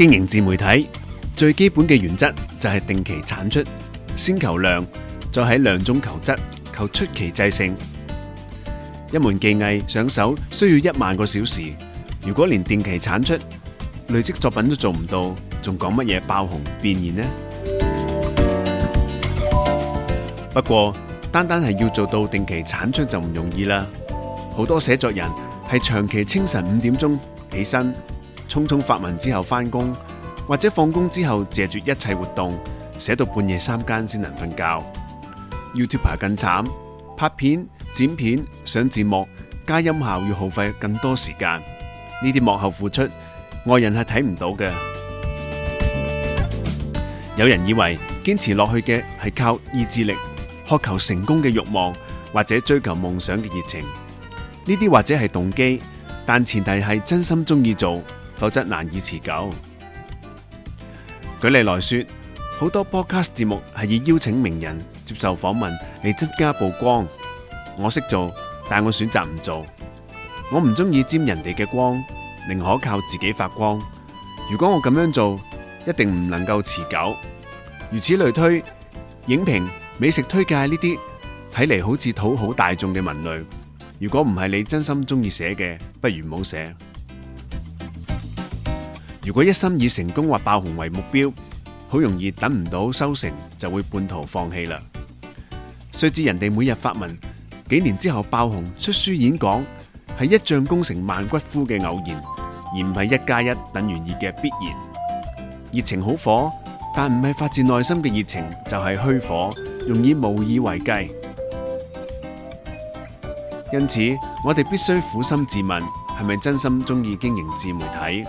經營自媒體最基本嘅原則就係定期產出，先求量，再喺量中求質，求出奇制勝。一門技藝上手需要一萬個小時，如果連定期產出、累積作品都做唔到，仲講乜嘢爆紅變現呢？不過，單單係要做到定期產出就唔容易啦。好多寫作人係長期清晨五點鐘起身。匆匆發文之後返工，或者放工之後，謝絕一切活動寫到半夜三更先能瞓覺。YouTuber 更慘，拍片、剪片、上字幕、加音效，要耗費更多時間。呢啲幕後付出，外人係睇唔到嘅。 有人以為堅持落去嘅係靠意志力、渴求成功嘅欲望，或者追求夢想嘅熱情。呢啲或者係動機，但前提係真心中意做。否則難以持久。舉例來說，好多 Podcast 節目係以邀請名人接受訪問嚟增加曝光。我識做，但我選擇唔做。我唔中意沾人哋嘅光，寧可靠自己發光。如果我咁樣做，一定唔能夠持久。如此類推，影評、美食推介呢啲睇嚟好似討好大眾嘅文類，如果唔係你真心中意寫嘅，不如唔好寫。如果一心以成功或爆紅為目標，好容易等唔到收成，就會半途放棄啦。須知人哋每日發文，幾年之後爆紅、出書、演講，係一將功成萬骨枯嘅偶然，而唔係一加一等於二嘅必然。熱情好火，但唔係發自內心嘅熱情就係虛火，容易無以為繼。因此，我哋必須撫心自問，係咪真心鍾意經營自媒體？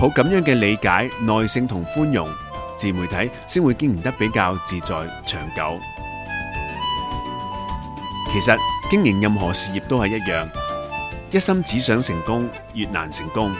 抱咁樣嘅理解、耐性同寬容，自媒體先會經營得比較自在、長久。其實經營任何事業都係一樣，一心只想成功，越難成功。